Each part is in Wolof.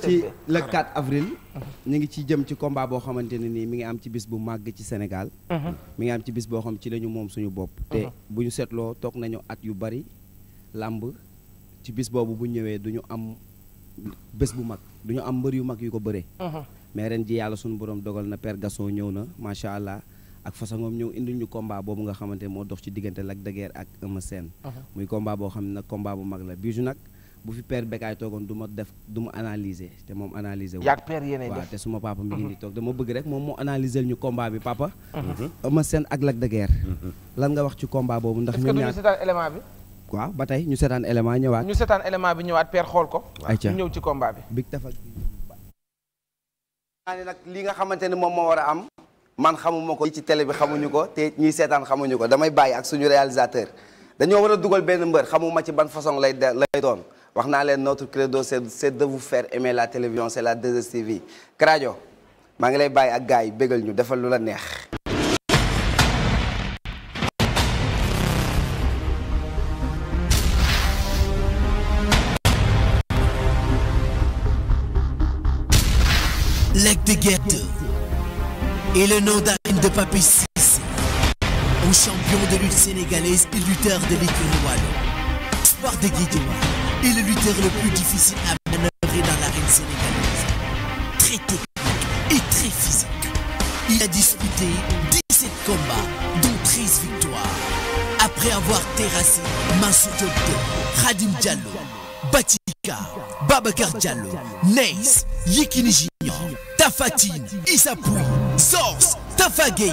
ci le 4 avril ñu ngi ci jëm ci combat boo xamante ne nii mi ngi am ci bis bu màgg ci Sénégal mhm. mi ngi am ci bis boo xam ci la moom suñu bopp te mhm. bu ñu seetloo toog nañu at yu bari làmb ci bis boobu bu ñëwee du ñu am bés bu mag du ñu am mbër yu mag yu ko bëree mhm. mais ren ji yàlla suñu borom dogal na Père Gasson ñëw na macha allah ak façonam ñëw indil ñu combat boobu nga xamante moo dox ci diggante la de Guiers ak Eumeu Sène muy combat boo xam ne nag bu mag la Bijou nag bu fi père Bécaye toogoon du ma def du ma analyser te moom analyser wu. yaag père yéenay def te suma papa mi nii mhm. toog dama bëgg rek moom moo analyser ñu combat bi papa. Mhm. Eumeu Sène ak Lac de mhm. lan nga wax ci combat boobu ndax. ñoom ñaar est-ce que du ñu seetaan élément bi. waaw ba tey ñu seetaan élément ñëwaat. ñu seetaan élément bi ñëwaat père xool ko. ayca ñëw ci combat bi. big tafa. naa ne nag li nga xamante ne moom moo war a am. man xamuma ko ci télé bi xamuñu ko te ñiy seetaan xamuñu ko damay bàyyi ak suñu réalisateur dañoo war a dugal benn xamuma ci ban façon lay lay doon wax naa leen notre credo c'est c'est de vous faire aimer la télévision c'est la 2STV Karajo maa ngi lay bàyyi ak gars yi bégal ñu defal lu la neex. Lekk de guette et le nom d'arène de Papy Cissé, un champion de lutte sénégalaise et de l'écurie wallonne, Espoir est le lutteur le plus difficile à manœuvrer dans l'arène sénégalaise. Très technique et très physique. Il a disputé 17 combats, dont 13 victoires. Après avoir terrassé Mansour Diop 2, Khadim Diallo, Babacar Diallo, Neis, Yekini Junior, Tapha Tine, Issa Pouye, Zors, Tapha Gueye,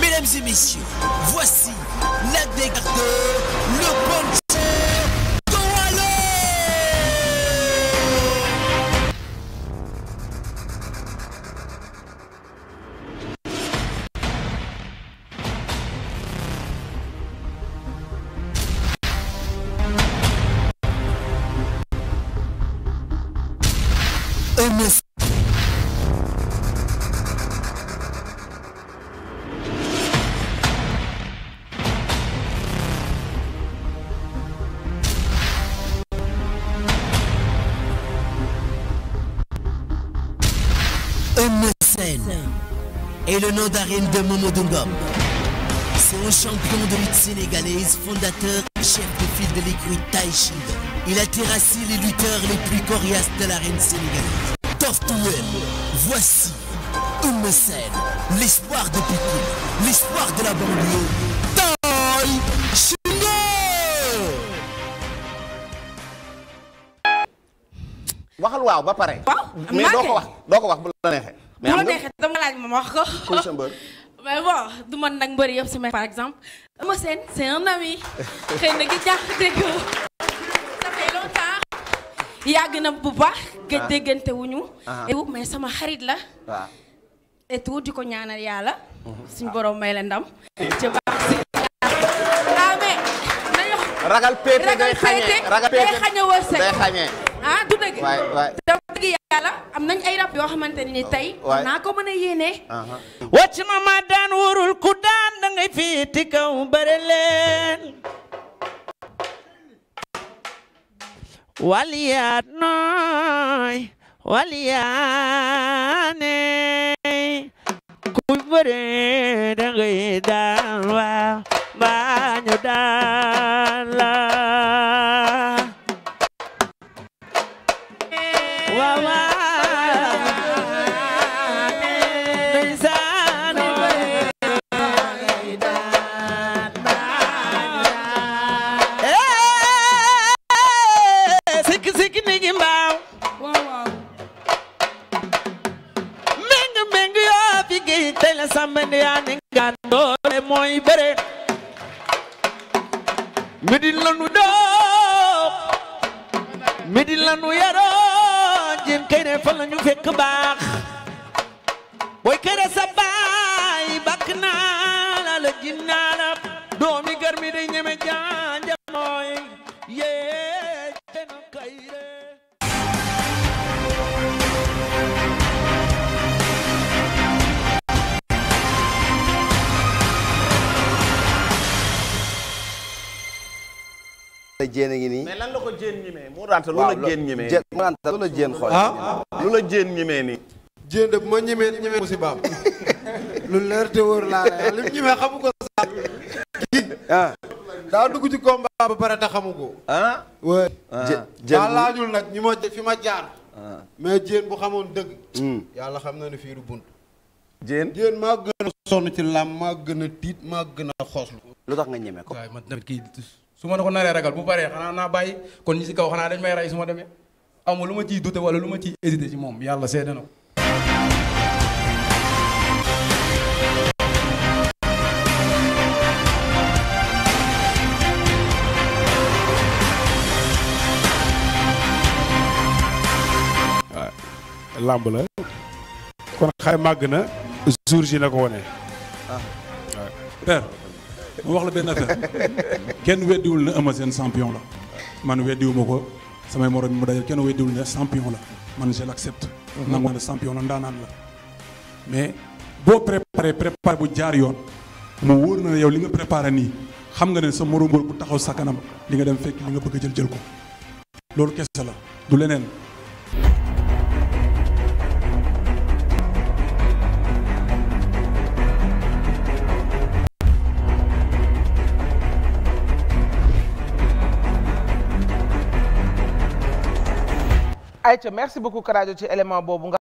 Mesdames et messieurs, voici la décarte, le puncher de Wallon Arène et le nom d'arène de Mamadou C'est un champion de lutte sénégalaise, fondateur chef de file de l'écurie Tay Shield. Il a terrassé les lutteurs les plus coriaces de l'arène sénégalaise. Tortuel, voici Eumeu Sène, l'espoir de Pikine, l'espoir de la banlieue, Tay Shield. ba pare. mais am nga laaj ma wax ko. kuy bon du man nag mbër yëpp si may par exemple. Eumeu Sène c'est un ami. xëy na gi jaaxle dégg nga. ça fait longtemps. yàgg na bu baax. Ah. gëj déggante wuñu. Ah. sama xarit la. waaw. Ah. di ko ñaanal yàlla. Mhm. suñu borom may la ndam. ci baax si. ah mais. nañu ragal ragal péete day xañee du dëgg. étape yoo xamante ni tey. Oh, waay naa ko mën nooy ku bëre da ngay daan waaw yi tey la samba ndiyaane ngaan doole mooy bëre midin la nu doo midin la nu yaroo jeen kay ne fa fekk baax booy kere sa baay bakk naa la la jin la doomi gar day ñeme jaan jéen a ngi nii. mais la ko jéen ñemee moo daan lu la jéen ñemee. jéen moo daan lu la jéen xool. ah lu bu ma ñemee ñemee musibaam lu leer te wóor laa la li mu ñemee xamu ko sax. kii ah. daa dugg ci combat ba pare te xamu ko. ah oui. Ah. jéen daa nag ñu ma fi ma jaar. Ah. mais jéen bu xamoon dëgg. Hmm. yàlla xam na ne fii du bunt. jéen jéen maa gën a sonn ci làmb maa gën a tiit maa gën a xoslu. lu tax nga ñeme ko. waaye man kii. su ma ne ko naree ragal bu paree xanaa naa bàyyi kon ñi si kaw xanaa dañ may rey su demee amul lu ma ciy dute wala lu ma ciy hésité ci moom yàlla seede na ko làmb la màgg na jour ko wone ah. ma wax la benn affaire kenn weddiwul ne Eumeu Sène champion la man weddiwuma ko samay morom mu dajal kenn weddiwul ne champion la man je l'accepte mhm. nangu ne champion la ndaanaan la mais boo préparé préparé bu jaar yoon mu wóor na ne yow li nga préparé nii xam nga ne sa morom bu taxaw sa kanam li nga dem fekk li nga bëgg a jël jël ko loolu kese la du leneen ayca merci beaucoup Karajo ci élément boobu